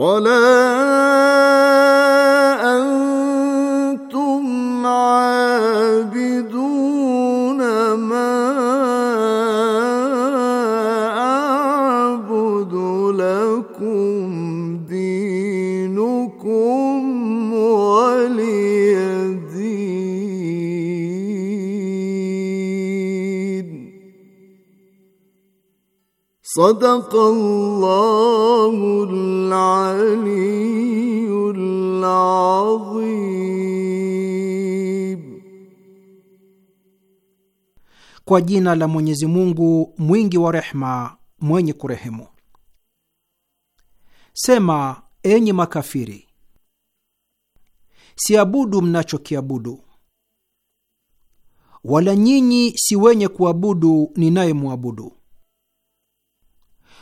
ولا صدق الله العلي العظيم. Kwa jina la Mwenyezi Mungu mwingi wa rehema, mwenye kurehemu. Sema, enyi makafiri, siabudu mnachokiabudu, wala nyinyi si wenye kuabudu ninayemwabudu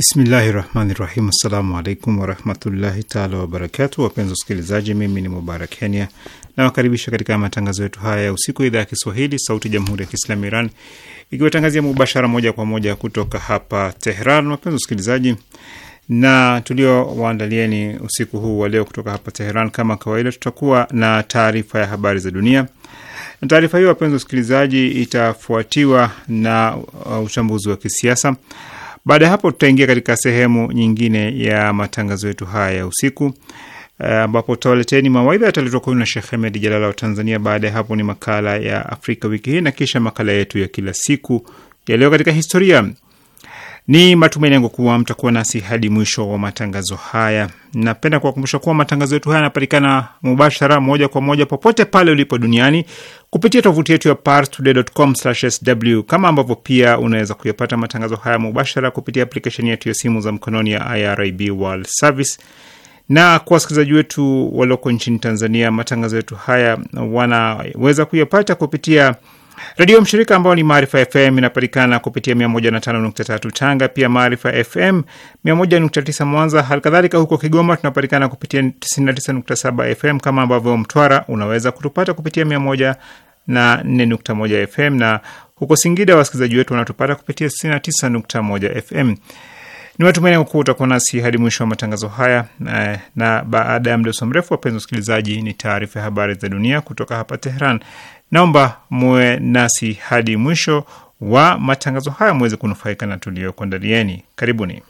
Bismillahi rahmani rahim. Assalamu alaikum warahmatullahi taala wabarakatu. Wapenzi wasikilizaji, mimi ni Mubarak Kenya nawakaribisha katika matangazo yetu haya ya usiku, idhaa ya Kiswahili sauti ya jamhuri ya Kiislamu Iran ikiwatangazia mubashara moja kwa moja kutoka hapa Tehran. Wapenzi wasikilizaji, na tulio waandalieni usiku huu wa leo kutoka hapa Tehran, kama kawaida, tutakuwa na taarifa ya habari za dunia. Taarifa hiyo, wapenzi wasikilizaji, itafuatiwa na uh, uchambuzi wa kisiasa baada ya hapo, tutaingia katika sehemu nyingine ya matangazo yetu haya ya usiku eh, ambapo uh, tutawaleteni mawaidha yataletwa kwenu na Shekh Hemed Jalala wa Tanzania. Baada ya hapo ni makala ya Afrika wiki hii na kisha makala yetu ya kila siku yaliyo katika historia. Ni matumaini yangu kuwa mtakuwa nasi hadi mwisho wa matangazo haya. Napenda kuwakumbusha kuwa matangazo yetu haya yanapatikana mubashara, moja kwa moja, popote pale ulipo duniani kupitia tovuti yetu ya parstoday.com/sw, kama ambavyo pia unaweza kuyapata matangazo haya mubashara kupitia aplikesheni yetu ya simu za mkononi ya IRIB World Service na kwa wasikilizaji wetu walioko nchini Tanzania, matangazo yetu haya wanaweza kuyapata kupitia Redio mshirika ambao ni Maarifa FM inapatikana kupitia 105.3 Tanga, pia Maarifa FM 101.9 Mwanza. Halikadhalika huko Kigoma tunapatikana kupitia 99.7 FM, kama ambavyo Mtwara unaweza kutupata kupitia 104.1 FM, na huko Singida wasikilizaji wetu wanatupata kupitia 99.1 FM. Ni matumaini yangu kuwa utakuwa nasi hadi mwisho wa matangazo haya. Na, na baada ya muda usio mrefu, wapenzi wasikilizaji, ni taarifa ya habari za dunia kutoka hapa Teheran. Naomba muwe nasi hadi mwisho wa matangazo haya muweze kunufaika na tuliyokuandalieni. Karibuni.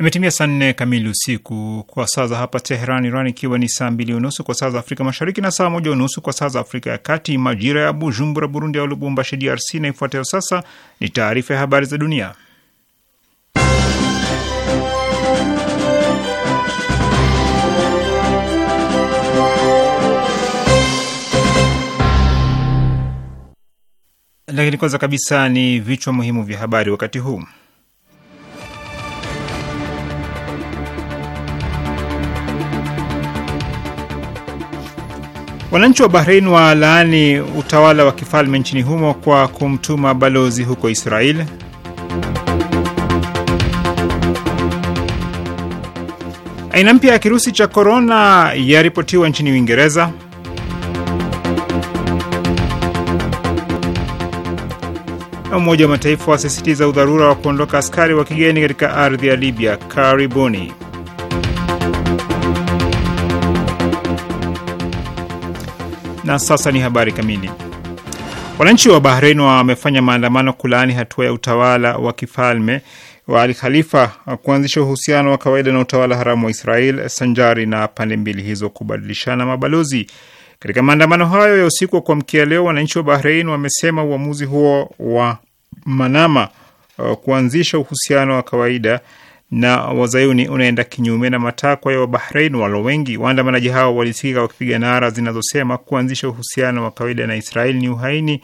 Imetimia saa nne kamili usiku kwa saa za hapa Teheran, Iran, ikiwa ni saa mbili unusu kwa saa za Afrika Mashariki na saa moja unusu kwa saa za Afrika ya Kati, majira ya Bujumbura, Burundi, au Lubumbashi, DRC. Na ifuatayo sasa ni taarifa ya habari za dunia, lakini kwanza kabisa ni vichwa muhimu vya habari wakati huu. Wananchi wa Bahrein walaani utawala wa kifalme nchini humo kwa kumtuma balozi huko Israel. Aina mpya ya kirusi cha korona yaripotiwa nchini Uingereza. Umoja wa Mataifa wasisitiza udharura wa kuondoka askari wa kigeni katika ardhi ya Libya. Karibuni. Na sasa ni habari kamili. Wananchi wa Bahrein wamefanya maandamano kulaani hatua ya utawala wa kifalme wa Al Khalifa uh, kuanzisha uhusiano wa kawaida na utawala haramu wa Israel sanjari na pande mbili hizo kubadilishana mabalozi. Katika maandamano hayo ya usiku wa kuamkia leo, wananchi wa Bahrein wamesema uamuzi huo wa Manama uh, kuanzisha uhusiano wa kawaida na wazayuni unaenda kinyume na matakwa ya Wabahrein walo wengi. Waandamanaji hao walisikika wakipiga nara zinazosema kuanzisha uhusiano wa kawaida na Israel ni uhaini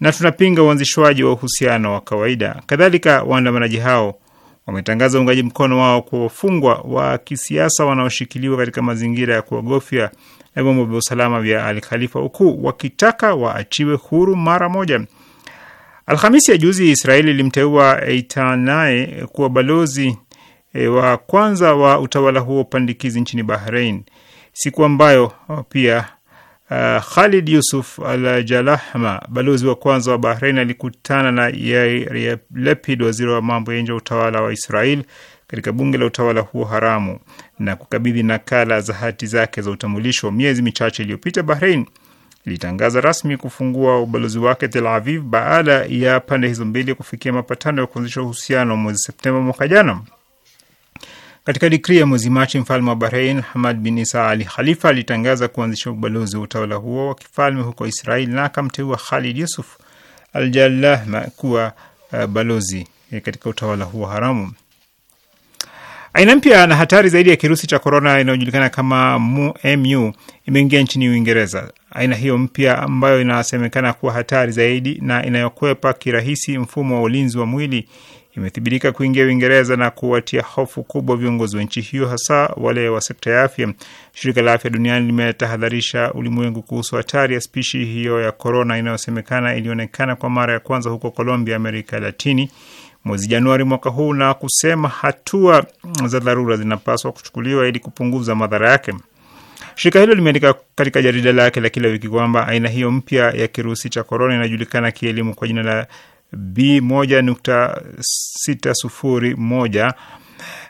na tunapinga uanzishwaji wa uhusiano wa kawaida. Kadhalika, waandamanaji hao wametangaza uungaji mkono wao kwa wafungwa wa kisiasa wanaoshikiliwa katika mazingira ya kuogofya na vyombo vya usalama vya Al Khalifa, huku wakitaka waachiwe huru mara moja. Alhamisi ya juzi Israeli ilimteua Eitanae kuwa balozi e, wa kwanza wa utawala huo pandikizi nchini Bahrain, siku ambayo uh, pia uh, Khalid Yusuf Al Jalahma, balozi wa kwanza wa Bahrain, alikutana na Yair Lapid, waziri wa mambo ya nje wa utawala wa Israel, katika bunge la utawala huo haramu na kukabidhi nakala za hati zake za utambulisho. Miezi michache iliyopita, Bahrain ilitangaza rasmi kufungua ubalozi wake Tel Aviv baada ya pande hizo mbili kufikia mapatano ya kuanzisha uhusiano mwezi Septemba mwaka jana. Katika dikrii ya mwezi Machi, mfalme wa Bahrein Hamad bin Isa Ali Khalifa alitangaza kuanzisha ubalozi wa utawala huo wa kifalme huko Israel na akamteua Khalid Yusuf al Jallah kuwa uh, balozi eh, katika utawala huo haramu. Aina mpya na hatari zaidi ya kirusi cha korona inayojulikana kama MU imeingia nchini Uingereza. Aina hiyo mpya ambayo inasemekana kuwa hatari zaidi na inayokwepa kirahisi mfumo wa ulinzi wa mwili imethibitika kuingia Uingereza na kuwatia hofu kubwa viongozi wa nchi hiyo, hasa wale wa sekta ya afya. Shirika la Afya Duniani limetahadharisha ulimwengu kuhusu hatari ya spishi hiyo ya korona inayosemekana ilionekana kwa mara ya kwanza huko Colombia, Amerika Latini mwezi Januari mwaka huu na kusema hatua za dharura zinapaswa kuchukuliwa ili kupunguza madhara yake. Shirika hilo limeandika katika jarida lake la kila wiki kwamba aina hiyo mpya ya kirusi cha korona inajulikana kielimu kwa jina la B1.601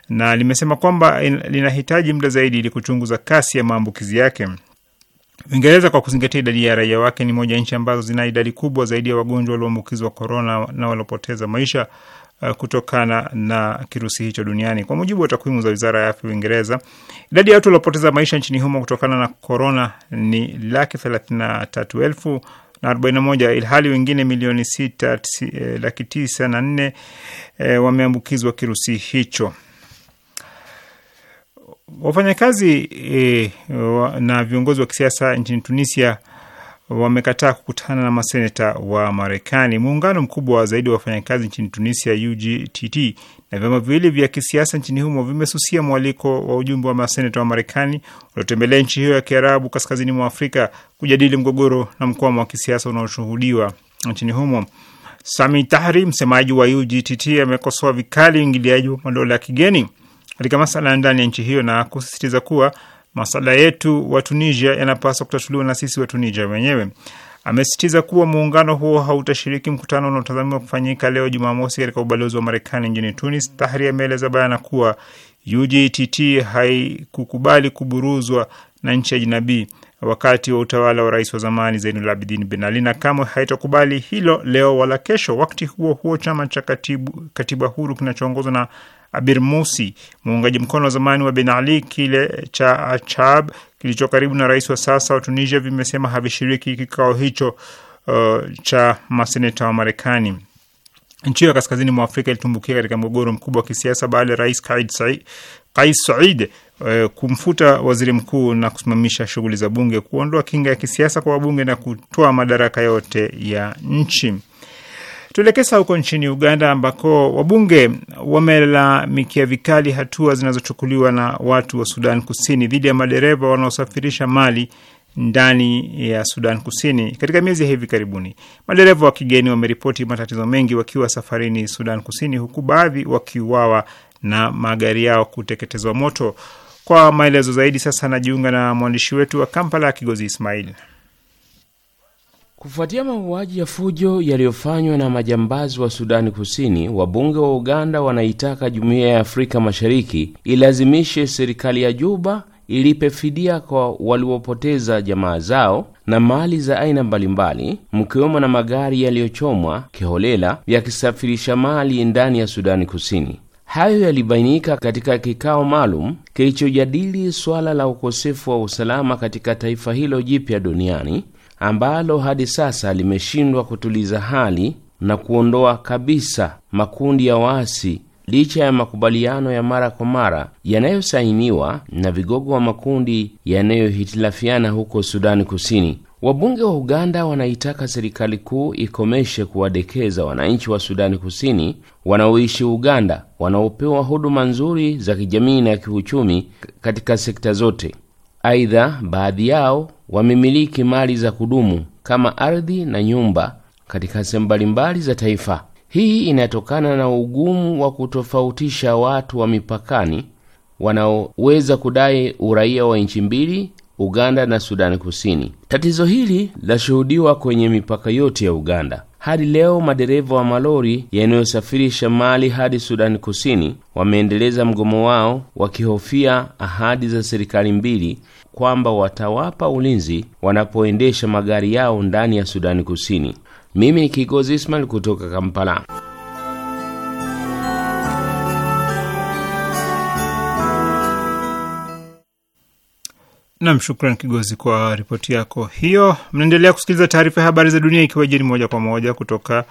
na limesema kwamba linahitaji muda zaidi ili kuchunguza kasi ya maambukizi yake. Uingereza kwa kuzingatia idadi ya raia wake ni moja ya nchi ambazo zina idadi kubwa zaidi ya wagonjwa walioambukizwa korona na waliopoteza maisha uh, kutokana na kirusi hicho duniani. Kwa mujibu wa takwimu za wizara ya afya Uingereza, idadi ya watu waliopoteza maisha nchini humo kutokana na korona ni laki thelathini na tatu elfu na 41 ilhali wengine milioni 6 eh, laki 9 na nne e, wameambukizwa kirusi hicho. Wafanyakazi e, na viongozi wa kisiasa nchini Tunisia wamekataa kukutana na maseneta wa Marekani. Muungano mkubwa zaidi wa wafanyakazi nchini Tunisia, UGTT, na vyama viwili vya kisiasa nchini humo vimesusia mwaliko wa ujumbe wa maseneta wa Marekani waliotembelea nchi hiyo ya Kiarabu kaskazini mwa Afrika kujadili mgogoro na mkwamo wa kisiasa unaoshuhudiwa nchini humo. Sami Tahri, msemaji wa UGTT, amekosoa vikali uingiliaji wa madola ya kigeni katika masala ya ndani ya nchi hiyo na kusisitiza kuwa Masala yetu wa Tunisia yanapaswa kutatuliwa na sisi wa Tunisia wenyewe. Amesisitiza kuwa muungano huo hautashiriki mkutano unaotazamiwa kufanyika leo Jumamosi katika ubalozi wa Marekani nchini Tunis. Tahri ameeleza bayana kuwa UGTT haikukubali kuburuzwa na nchi ya jinabii wakati wa utawala wa rais wa zamani Zainul Abidin Ben Ali na kamwe haitakubali hilo leo wala kesho. Wakati huo huo, chama cha katibu, katiba huru kinachoongozwa na Abir Musi, muungaji mkono wa zamani wa Ben Ali, kile cha Achab kilicho karibu na rais wa sasa wa Tunisia vimesema havishiriki kikao hicho uh, cha maseneta wa Marekani. Nchi hiyo ya kaskazini mwa Afrika ilitumbukia katika mgogoro mkubwa wa kisiasa baada ya rais Kais said uh, kumfuta waziri mkuu na kusimamisha shughuli za bunge, kuondoa kinga ya kisiasa kwa wabunge na kutoa madaraka yote ya nchi. Tuelekesa huko nchini Uganda ambako wabunge wamelalamikia vikali hatua zinazochukuliwa na watu wa Sudan Kusini dhidi ya madereva wanaosafirisha mali ndani ya Sudan Kusini. Katika miezi ya hivi karibuni, madereva wa kigeni wameripoti matatizo mengi wakiwa safarini Sudan Kusini, huku baadhi wakiuawa na magari yao kuteketezwa moto. Kwa maelezo zaidi, sasa anajiunga na mwandishi wetu wa Kampala, Kigozi Ismail. Kufuatia mauaji ya fujo yaliyofanywa na majambazi wa Sudani Kusini, wabunge wa Uganda wanaitaka jumuiya ya Afrika Mashariki ilazimishe serikali ya Juba ilipe fidia kwa waliopoteza jamaa zao na mali za aina mbalimbali mkiwemo na magari yaliyochomwa kiholela yakisafirisha mali ndani ya Sudani Kusini. Hayo yalibainika katika kikao maalum kilichojadili suala la ukosefu wa usalama katika taifa hilo jipya duniani ambalo hadi sasa limeshindwa kutuliza hali na kuondoa kabisa makundi ya waasi licha ya makubaliano ya mara kwa mara yanayosainiwa na vigogo wa makundi yanayohitilafiana huko Sudani Kusini. Wabunge wa Uganda wanaitaka serikali kuu ikomeshe kuwadekeza wananchi wa Sudani Kusini wanaoishi Uganda, wanaopewa huduma nzuri za kijamii na kiuchumi katika sekta zote. Aidha, baadhi yao wamemiliki mali za kudumu kama ardhi na nyumba katika sehemu mbalimbali za taifa. Hii inatokana na ugumu wa kutofautisha watu wa mipakani wanaoweza kudai uraia wa nchi mbili Uganda na Sudani Kusini. Tatizo hili lashuhudiwa kwenye mipaka yote ya Uganda. Hadi leo madereva wa malori yanayosafirisha mali hadi Sudani Kusini wameendeleza mgomo wao wakihofia ahadi za serikali mbili kwamba watawapa ulinzi wanapoendesha magari yao ndani ya Sudani Kusini. Mimi ni Kigozi Ismail kutoka Kampala. Nam, shukran Kigozi kwa ripoti yako hiyo. Mnaendelea kusikiliza taarifa ya habari za dunia ikiwa jeni moja kwa moja kutoka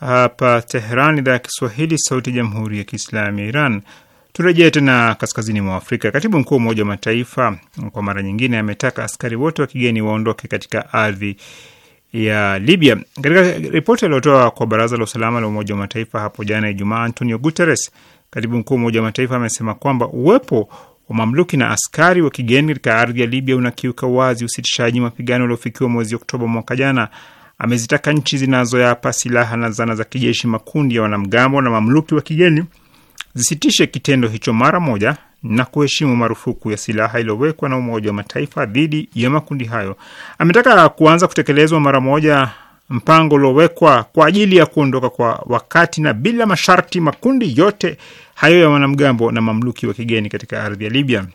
hapa Tehran, idhaa ya Kiswahili, sauti ya jamhuri ya kiislami ya Iran. Turejee tena kaskazini mwa Afrika. Katibu mkuu wa Umoja wa Mataifa kwa mara nyingine ametaka askari wote wa kigeni waondoke katika ardhi ya Libya. Katika ripoti aliyotoa kwa Baraza la Usalama la Umoja wa Mataifa hapo jana Ijumaa, Antonio Guterres, katibu mkuu wa Umoja wa Mataifa, amesema kwamba uwepo Wamamluki na askari wa kigeni katika ardhi ya Libya unakiuka wazi usitishaji mapigano uliofikiwa mwezi Oktoba mwaka jana. Amezitaka nchi zinazoyapa silaha na zana za kijeshi makundi ya wanamgambo na mamluki wa kigeni zisitishe kitendo hicho mara moja na kuheshimu marufuku ya silaha iliyowekwa na Umoja wa Mataifa dhidi ya makundi hayo. Ametaka kuanza kutekelezwa mara moja mpango uliowekwa kwa ajili ya kuondoka kwa wakati na bila masharti makundi yote hayo ya wanamgambo na mamluki wa kigeni katika ardhi ya Libya.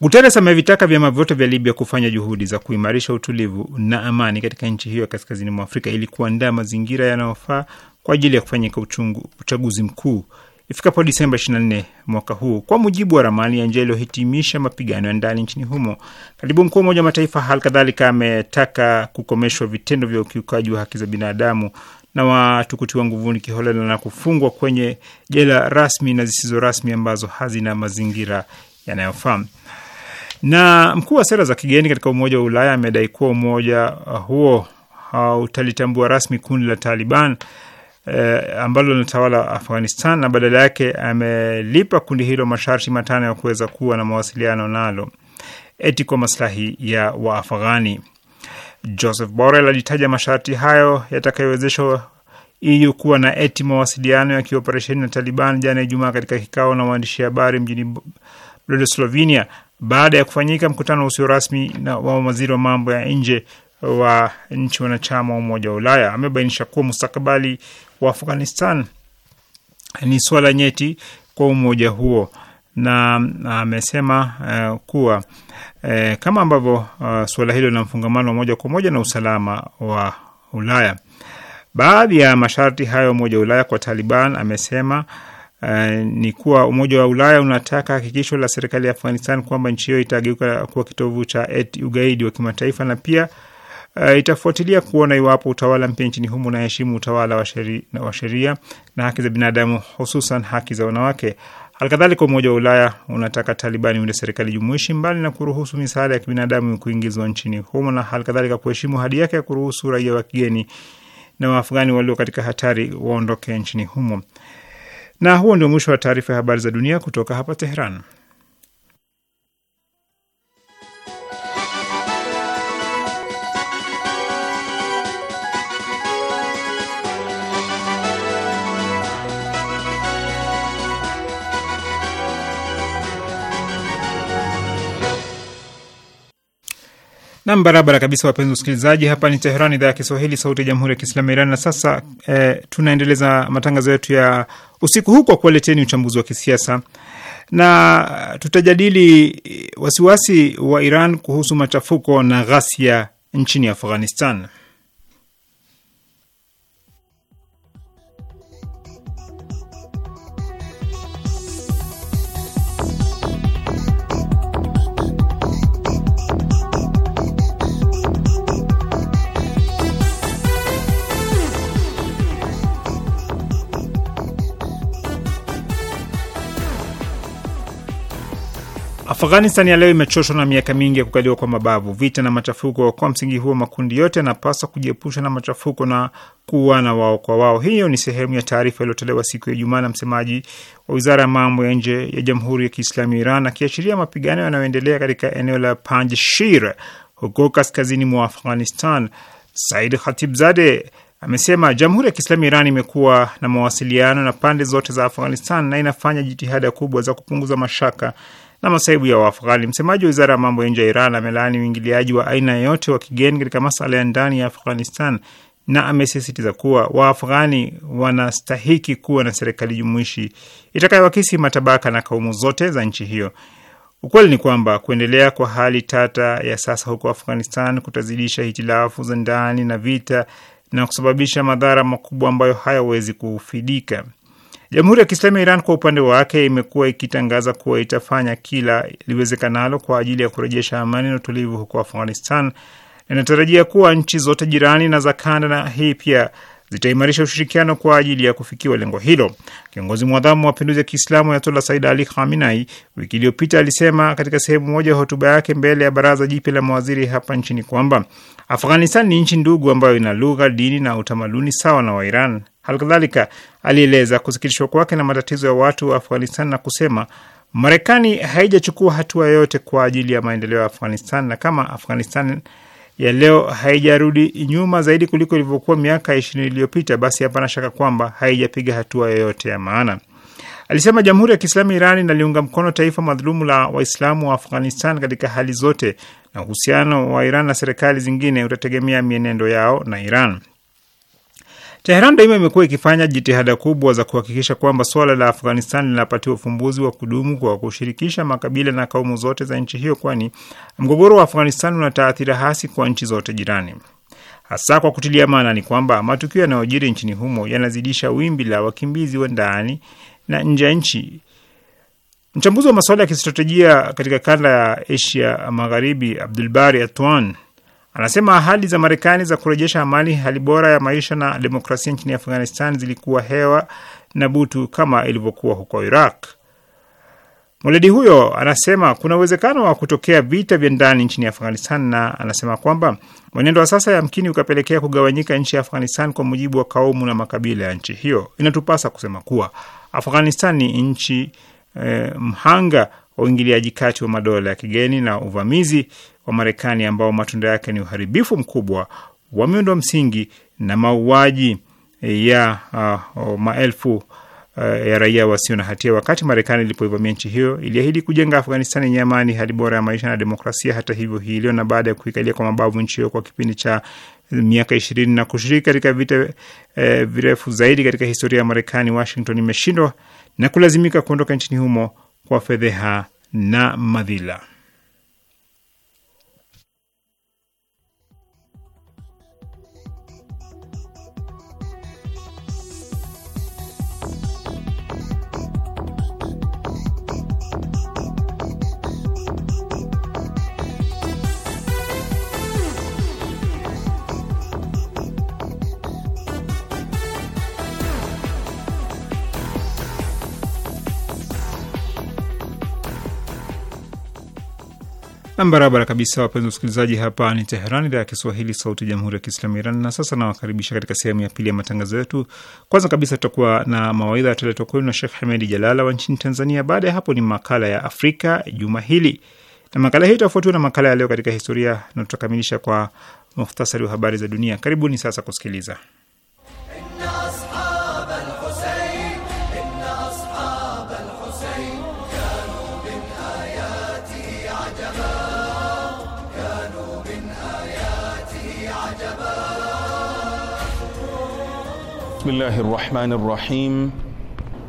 Guterres amevitaka vyama vyote vya Libya kufanya juhudi za kuimarisha utulivu na amani katika nchi hiyo ya kaskazini mwa Afrika ili kuandaa mazingira yanayofaa kwa ajili ya kufanyika uchaguzi mkuu ifikapo Disemba 24 mwaka huu, kwa mujibu wa ramani ya njia iliyohitimisha mapigano ya ndani nchini humo. Katibu mkuu wa Umoja wa Mataifa hali kadhalika ametaka kukomeshwa vitendo vya ukiukaji wa haki za binadamu na watu kutiwa nguvuni kiholela na kufungwa kwenye jela rasmi na zisizo rasmi ambazo hazina mazingira yanayofaa. Na mkuu wa sera za kigeni katika Umoja wa Ulaya amedai kuwa umoja huo hautalitambua rasmi kundi la Taliban uh, eh, ambalo linatawala Afghanistan na badala yake amelipa kundi hilo masharti matano ya kuweza kuwa na mawasiliano nalo eti kwa maslahi ya Waafghani. Joseph Borrell alitaja masharti hayo yatakayowezesha EU kuwa na eti mawasiliano ya kioperesheni na Taliban jana Ijumaa katika kikao na waandishi habari mjini Brdo, Slovenia, baada ya kufanyika mkutano usio rasmi na wa waziri wa mambo ya nje wa nchi wanachama wa Umoja wa Ulaya. Amebainisha kuwa mustakabali wa Afghanistan ni swala nyeti kwa umoja huo, na amesema uh, kuwa uh, kama ambavyo uh, eh, suala hilo lina mfungamano wa moja kwa moja na usalama wa Ulaya, baadhi ya masharti hayo umoja wa Ulaya kwa Taliban amesema Uh, ni kuwa Umoja wa Ulaya unataka hakikisho la serikali ya Afghanistan kwamba nchi hiyo itageuka kuwa kitovu cha eti ugaidi wa kimataifa na pia uh, itafuatilia kuona iwapo utawala mpya nchini humo unaheshimu utawala wa sheria na, sheri na haki za binadamu hususan haki za wanawake. Halikadhalika, Umoja wa Ulaya unataka Talibani uunde serikali jumuishi mbali na kuruhusu misaada ya kibinadamu kuingizwa nchini humo, na halikadhalika kuheshimu hadi yake ya kuruhusu raia wa kigeni na Waafghani walio katika hatari waondoke nchini humo. Na huo ndio mwisho wa taarifa ya habari za dunia kutoka hapa Teheran. Nam barabara kabisa, wapenzi wasikilizaji, hapa ni Teheran, idhaa ya Kiswahili, sauti ya jamhuri ya kiislamu ya Iran. Na sasa eh, tunaendeleza matangazo yetu ya usiku huu kwa kuwaleteni uchambuzi wa kisiasa na tutajadili wasiwasi wa Iran kuhusu machafuko na ghasia nchini Afghanistan. Afghanistan ya leo imechoshwa na miaka mingi ya kukaliwa kwa mabavu, vita na machafuko. Kwa msingi huo, makundi yote yanapaswa kujiepusha na machafuko na kuuana wao kwa wao. Hiyo ni sehemu ya taarifa iliyotolewa siku ya Ijumaa na msemaji wa wizara ya mambo ya nje ya Jamhuri ya Kiislamu ya Iran, akiashiria mapigano yanayoendelea katika eneo la Panjshir huko kaskazini mwa Afghanistan. Said Khatibzade amesema Jamhuri ya Kiislamu Iran imekuwa na mawasiliano na pande zote za Afghanistan na inafanya jitihada kubwa za kupunguza mashaka na masaibu ya Waafghani. Msemaji wa wizara ya mambo ya nje ya Iran amelaani uingiliaji wa aina yoyote wa kigeni katika masala ya ndani ya Afghanistan na amesisitiza kuwa Waafghani wanastahiki kuwa na serikali jumuishi itakayowakisi matabaka na kaumu zote za nchi hiyo. Ukweli ni kwamba kuendelea kwa hali tata ya sasa huko Afghanistan kutazidisha hitilafu za ndani na vita na kusababisha madhara makubwa ambayo hayawezi kufidika. Jamhuri ya Kiislamu ya Iran kwa upande wake imekuwa ikitangaza kuwa itafanya kila liwezekanalo kwa ajili ya kurejesha amani na utulivu huko Afghanistan. Inatarajia kuwa nchi zote jirani na za kanda na hii pia zitaimarisha ushirikiano kwa ajili ya kufikiwa lengo hilo. Kiongozi mwadhamu wa mapinduzi ya Kiislamu Ayatollah Said Ali Khamenei wiki iliyopita alisema katika sehemu moja ya hotuba yake mbele ya baraza jipya la mawaziri hapa nchini kwamba Afghanistan ni nchi ndugu ambayo ina lugha, dini na utamaduni sawa na Wairan. Halikadhalika alieleza kusikitishwa kwake na matatizo ya watu wa Afghanistan na kusema Marekani haijachukua hatua yoyote kwa ajili ya maendeleo ya Afghanistan na kama Afghanistan ya leo haijarudi nyuma zaidi kuliko ilivyokuwa miaka ishirini iliyopita, basi hapana shaka kwamba haijapiga hatua yoyote ya maana. Alisema Jamhuri ya Kiislamu Iran inaliunga mkono taifa madhulumu la Waislamu wa Afghanistan katika hali zote, na uhusiano wa Iran na serikali zingine utategemea mienendo yao na Iran. Teheran daima imekuwa ikifanya jitihada kubwa za kuhakikisha kwamba suala la Afghanistan linapatiwa ufumbuzi wa kudumu kwa kushirikisha makabila na kaumu zote za nchi hiyo, kwani mgogoro wa Afghanistan una taathira hasi kwa nchi zote jirani, hasa kwa kutilia maana ni kwamba matukio yanayojiri nchini humo yanazidisha wimbi la wakimbizi wa ndani na nje ya nchi. Mchambuzi wa masuala ya kistratejia katika kanda ya Asia Magharibi, Abdulbari Atwan anasema ahadi za Marekani za kurejesha amani, hali bora ya maisha na demokrasia nchini Afghanistan zilikuwa hewa na butu kama ilivyokuwa huko Iraq. Mweledi huyo anasema kuna uwezekano wa kutokea vita vya ndani nchini Afghanistan, na anasema kwamba mwenendo wa sasa yamkini ukapelekea kugawanyika nchi ya Afghanistan kwa mujibu wa kaumu na makabila ya nchi hiyo. Inatupasa kusema kuwa Afghanistan ni nchi eh, mhanga wa uingiliaji kati wa madola ya kigeni na uvamizi wa Marekani ambao matunda yake ni uharibifu mkubwa wa miundo msingi na mauaji eh, ya uh, maelfu uh, ya raia wasio na hatia. Wakati Marekani ilipoivamia nchi hiyo, iliahidi kujenga Afghanistan yenye amani, hali bora ya maisha na demokrasia. Hata hivyo, hii leo na baada ya kuikalia kwa mabavu nchi hiyo kwa kipindi cha miaka ishirini na kushiriki katika vita e, virefu zaidi katika historia ya Marekani, Washington imeshindwa na kulazimika kuondoka nchini humo kwa fedheha na madhila. Nam barabara kabisa, wapenzi wasikilizaji, hapa ni Teheran, idhaa ya Kiswahili, sauti ya jamhuri ya kiislamu ya Iran. Na sasa nawakaribisha katika sehemu ya pili ya matangazo yetu. Kwanza kabisa, tutakuwa na mawaidha yataletwa kwenu na Shekh Hamedi Jalala wa nchini Tanzania. Baada ya hapo ni makala ya Afrika juma hili, na makala hii itafuatiwa na makala ya leo katika historia, na tutakamilisha kwa muhtasari wa habari za dunia. Karibuni sasa kusikiliza بسم الله الرحمن الرحيم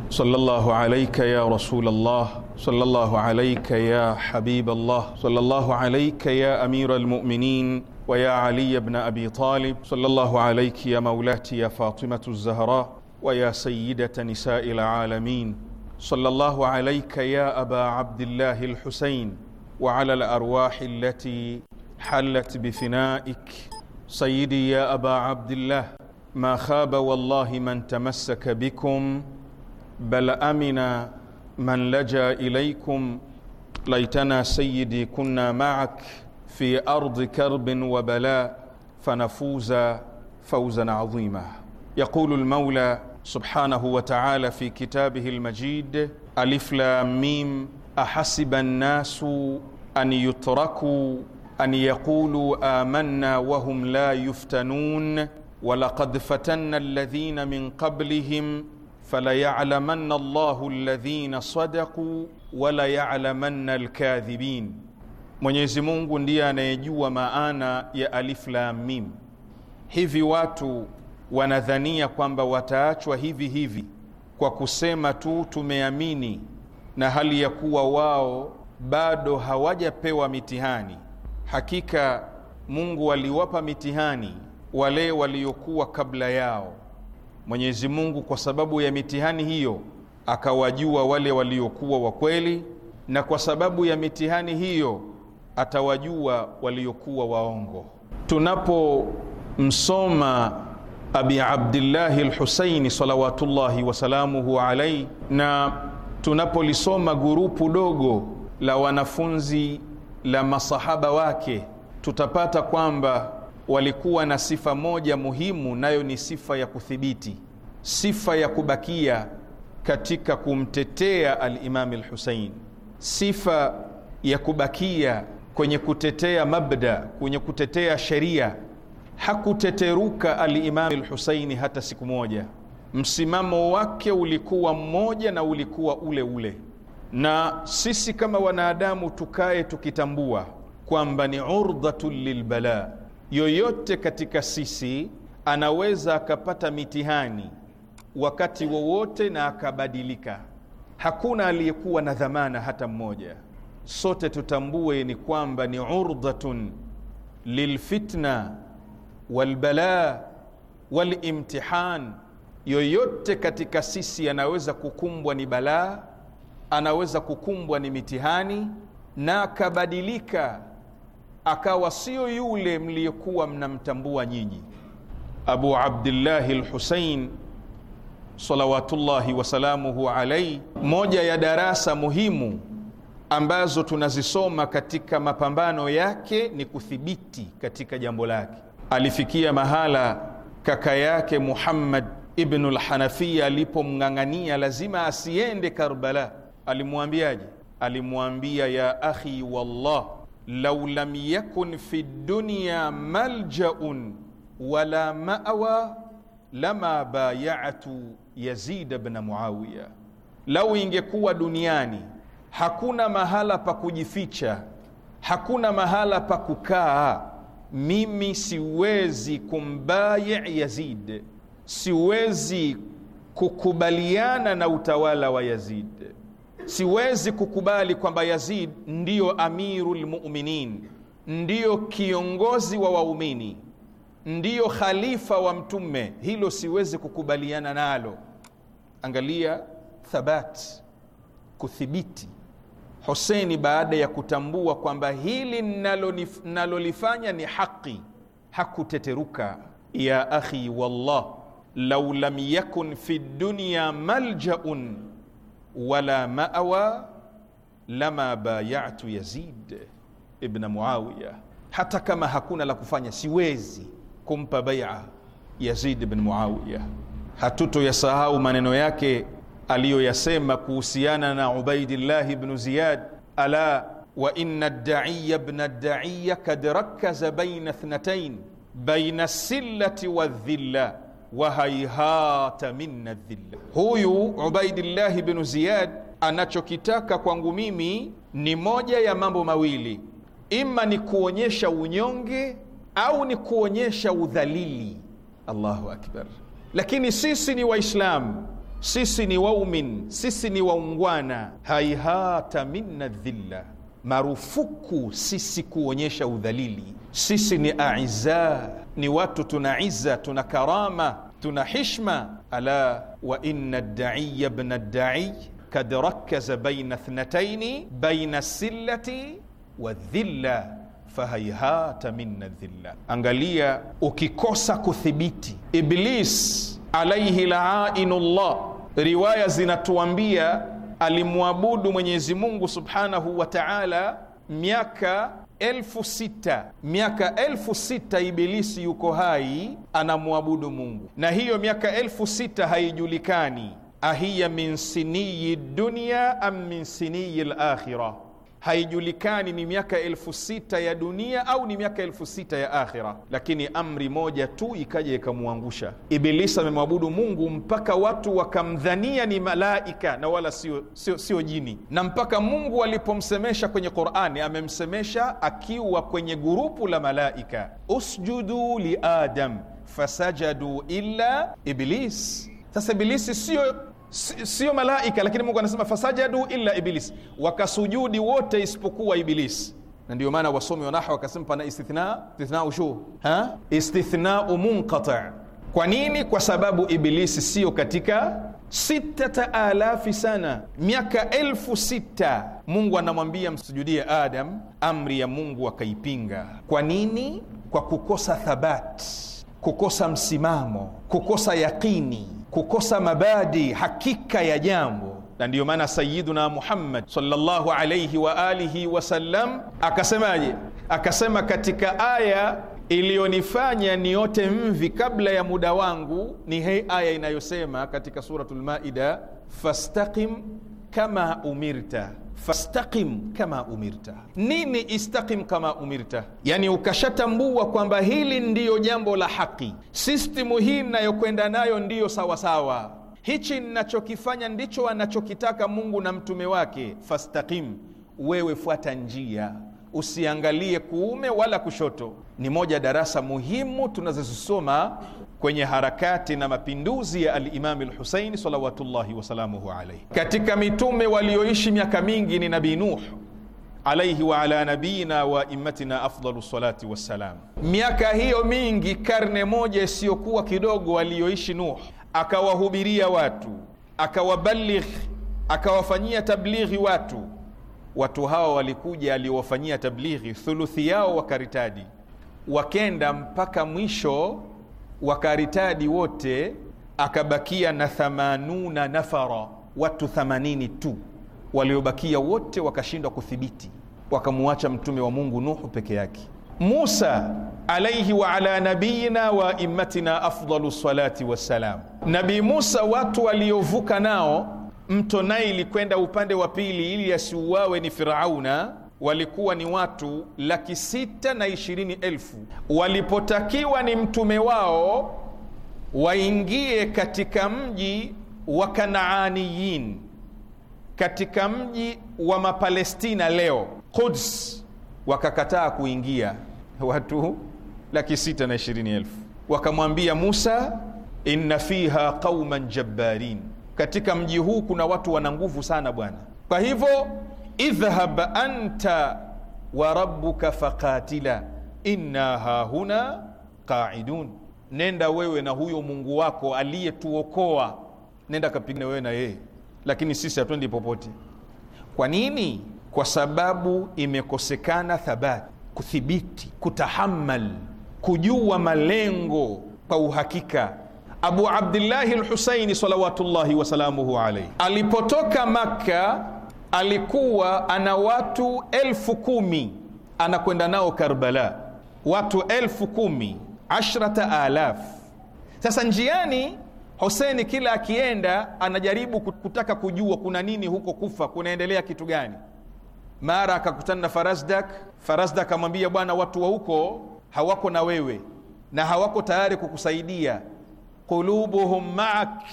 صلى الله عليك يا رسول الله صلى الله عليك يا حبيب الله صلى الله عليك يا امير المؤمنين ويا علي بن ابي طالب صلى الله عليك يا مولاتي يا فاطمه الزهراء ويا سيده نساء العالمين صلى الله عليك يا ابا عبد الله الحسين وعلى الارواح التي حلت بفنائك سيدي يا ابا عبد الله ما خاب والله من تمسك بكم بل امن من لجا اليكم ليتنا سيدي كنا معك في ارض كرب وبلاء فنفوز فوزا عظيما يقول المولى سبحانه وتعالى في كتابه المجيد الف لام ميم احسب الناس ان يتركوا ان يقولوا امنا وهم لا يفتنون walaqad fatanna alladhina min qablihim falayalamanna Allahu alladhina sadaqu walayalamanna alkadhibin, Mwenyezi Mungu ndiye anayejua maana ya alif lam mim. Hivi watu wanadhania kwamba wataachwa hivi hivi kwa kusema tu tumeamini, na hali ya kuwa wao bado hawajapewa mitihani. Hakika Mungu aliwapa mitihani wale waliokuwa kabla yao. Mwenyezi Mungu kwa sababu ya mitihani hiyo akawajua wale waliokuwa wakweli, na kwa sababu ya mitihani hiyo atawajua waliokuwa waongo. Tunapomsoma Abi Abdillahi Lhusaini salawatullahi wasalamuhu alaihi, na tunapolisoma gurupu dogo la wanafunzi la masahaba wake tutapata kwamba walikuwa na sifa moja muhimu, nayo ni sifa ya kuthibiti, sifa ya kubakia katika kumtetea Alimami lhusein sifa ya kubakia kwenye kutetea mabda, kwenye kutetea sheria. Hakuteteruka Alimami lhuseini hata siku moja. Msimamo wake ulikuwa mmoja na ulikuwa ule ule, na sisi kama wanadamu tukae tukitambua kwamba ni urdhatun lilbala Yoyote katika sisi anaweza akapata mitihani wakati wowote na akabadilika. Hakuna aliyekuwa na dhamana hata mmoja. Sote tutambue ni kwamba ni urdhatun lilfitna walbala walimtihan. Yoyote katika sisi anaweza kukumbwa ni balaa, anaweza kukumbwa ni mitihani na akabadilika akawa sio yule mliyekuwa mnamtambua nyinyi. Abu Abdillahi Lhusein salawatullahi wasalamuhu alaihi, moja ya darasa muhimu ambazo tunazisoma katika mapambano yake ni kuthibiti katika jambo lake. Alifikia mahala kaka yake Muhammad Ibnu Lhanafiya alipomng'ang'ania lazima asiende Karbala, alimwambiaje? Alimwambia, ya akhi wallah lau lam yakun fi dunya maljaun wala mawa lama bayatu Yazid ibn Muawiya, lau ingekuwa duniani hakuna mahala pa kujificha, hakuna mahala pa kukaa, mimi siwezi kumbaya Yazid, siwezi kukubaliana na utawala wa Yazid siwezi kukubali kwamba Yazid ndiyo amiru lmuminin ndiyo kiongozi wa waumini, ndiyo khalifa wa Mtume. Hilo siwezi kukubaliana nalo. Angalia thabat kuthibiti Hoseni baada ya kutambua kwamba hili nalolifanya ni haki, hakuteteruka. Ya akhi wallah, lau lam yakun fi dunya maljaun wala ma'wa lama bayatu Yazid ibn Muawiya, hata kama hakuna la kufanya, siwezi kumpa baia Yazid ibn Muawiya. Hatutoyasahau maneno yake aliyoyasema kuhusiana na Ubaidillahi bnu Ziyad, ala wa inna daiya bna daiya kad rakaza baina thnatain baina sillati wa dhilla wa haihata minna dhilla. Huyu Ubaidillahi bnu Ziyad anachokitaka kwangu mimi ni moja ya mambo mawili, ima ni kuonyesha unyonge au ni kuonyesha udhalili. Allahu akbar! Lakini sisi ni Waislamu, sisi ni waumin, sisi ni waungwana. haihata minna dhilla marufuku sisi kuonyesha udhalili. Sisi ni aiza, ni watu tuna iza, tuna karama, tuna hishma. Ala wa inna daiya bna dai kad rakaza baina thnataini baina sillati wa dhilla fahayhata minna dhilla. Angalia, ukikosa kuthibiti, Iblis alaihi laainu llah, riwaya zinatuambia alimwabudu Mwenyezi Mungu subhanahu wa taala miaka elfu sita miaka elfu sita Ibilisi yuko hai anamwabudu Mungu, na hiyo miaka elfu sita haijulikani ahiya min siniyi dunya am min siniyi lakhira haijulikani ni miaka elfu sita ya dunia au ni miaka elfu sita ya akhira, lakini amri moja tu ikaja ikamwangusha Ibilisi. Amemwabudu Mungu mpaka watu wakamdhania ni malaika na wala sio, sio, sio jini, na mpaka Mungu alipomsemesha kwenye Qurani amemsemesha akiwa kwenye gurupu la malaika, usjudu li Adam fasajadu illa Iblis. Sasa Ibilisi sio sio malaika, lakini Mungu anasema fasajadu illa iblis, wakasujudi wote isipokuwa Iblis. Na ndio maana wasomi wa nahwa wakasema pana istithna istithna ushu ha istithna munqati. Kwa nini? Kwa sababu Iblisi sio katika sitata alafi sana miaka elfu sita Mungu anamwambia msujudie Adam, amri ya Mungu akaipinga. Kwa nini? Kwa kukosa thabati, kukosa msimamo, kukosa yaqini kukosa mabadi hakika ya jambo na ndiyo maana Sayiduna Muhammad sallallahu alaihi wa alihi wasallam akasemaje? Akasema katika aya iliyonifanya niote mvi kabla ya muda wangu ni hii aya inayosema katika Suratul Maida, fastaqim kama umirta fastaqim kama umirta. Nini istaqim kama umirta? Yani ukashatambua kwamba hili ndiyo jambo la haki, sistimu hii nayokwenda nayo ndiyo sawasawa, hichi ninachokifanya ndicho anachokitaka Mungu na mtume wake. Fastaqim, wewe fuata njia usiangalie kuume wala kushoto. Ni moja darasa muhimu tunazozisoma kwenye harakati na mapinduzi ya Alimami Lhusein salawatullahi wasalamuhu alaihi. Katika mitume walioishi miaka mingi ni Nabii Nuh alaihi wa ala nabiina wa immatina afdalu salati wassalam. Miaka hiyo mingi, karne moja isiyokuwa kidogo, aliyoishi Nuh akawahubiria watu, akawabaligh, akawafanyia tablighi watu. Watu hawa walikuja, aliowafanyia tablighi thuluthi yao wakaritaji, wakenda mpaka mwisho wakaritadi wote, akabakia na thamanuna nafara, watu thamanini tu waliobakia wote wakashindwa kuthibiti, wakamuacha mtume wa Mungu Nuhu peke yake. Musa alaihi wa ala nabiyina wa aimmatina afdalu salati wassalam, Nabii Musa watu waliovuka nao mto Naili kwenda upande wa pili ili asiuawe ni Firauna walikuwa ni watu laki sita na ishirini elfu walipotakiwa ni mtume wao waingie katika mji wa Kanaaniyin, katika mji wa Mapalestina leo Quds, wakakataa kuingia watu laki sita na ishirini elfu. Wakamwambia Musa, inna fiha qauman jabbarin, katika mji huu kuna watu wana nguvu sana bwana, kwa hivyo idhhab anta wa rabbuka faqatila inna hahuna qaidun, nenda wewe na huyo Mungu wako aliyetuokoa, nenda kapigane wewe na yeye, lakini sisi hatuendi popote. Kwa nini? Kwa sababu imekosekana thabati, kuthibiti, kutahammal, kujua malengo kwa uhakika. Abu Abdillahi Lhusaini salawatullahi wasalamuhu alaihi alipotoka Makka alikuwa ana watu elfu kumi anakwenda nao Karbala, watu elfu kumi ashrata alaf. Sasa njiani Hoseni kila akienda anajaribu kutaka kujua kuna nini huko Kufa, kunaendelea kitu gani. Mara akakutana na Farasdak. Farasdak akamwambia, bwana, watu wa huko hawako na wewe na hawako tayari kukusaidia. kulubuhum maak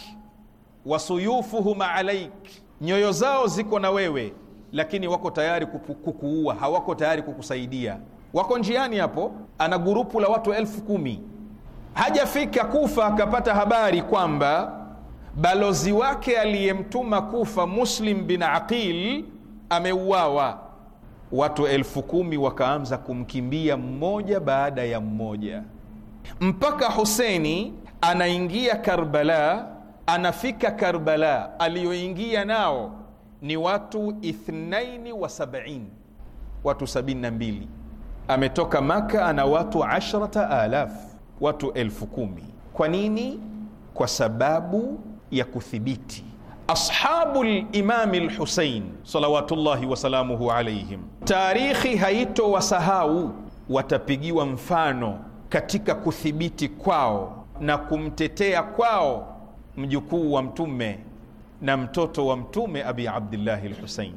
wa suyufuhum alaiki nyoyo zao ziko na wewe, lakini wako tayari kukuua, hawako tayari kukusaidia. Wako njiani hapo, ana gurupu la watu elfu kumi. Hajafika Kufa akapata habari kwamba balozi wake aliyemtuma Kufa, Muslim bin Aqil, ameuawa. Watu elfu kumi wakaanza kumkimbia mmoja baada ya mmoja, mpaka Huseni anaingia Karbala anafika Karbala, aliyoingia nao ni watu ithnaini wa sabaini, watu sabini na mbili. Ametoka Maka ana watu ashrata alaf, watu elfu kumi. Kwa nini? Kwa sababu ya kuthibiti ashabu limami Lhusein salawatullahi wasalamuhu alaihim. Tarikhi haito wasahau, watapigiwa mfano katika kuthibiti kwao na kumtetea kwao mjukuu wa mtume na mtoto wa mtume Abi Abdillahi Lhusein.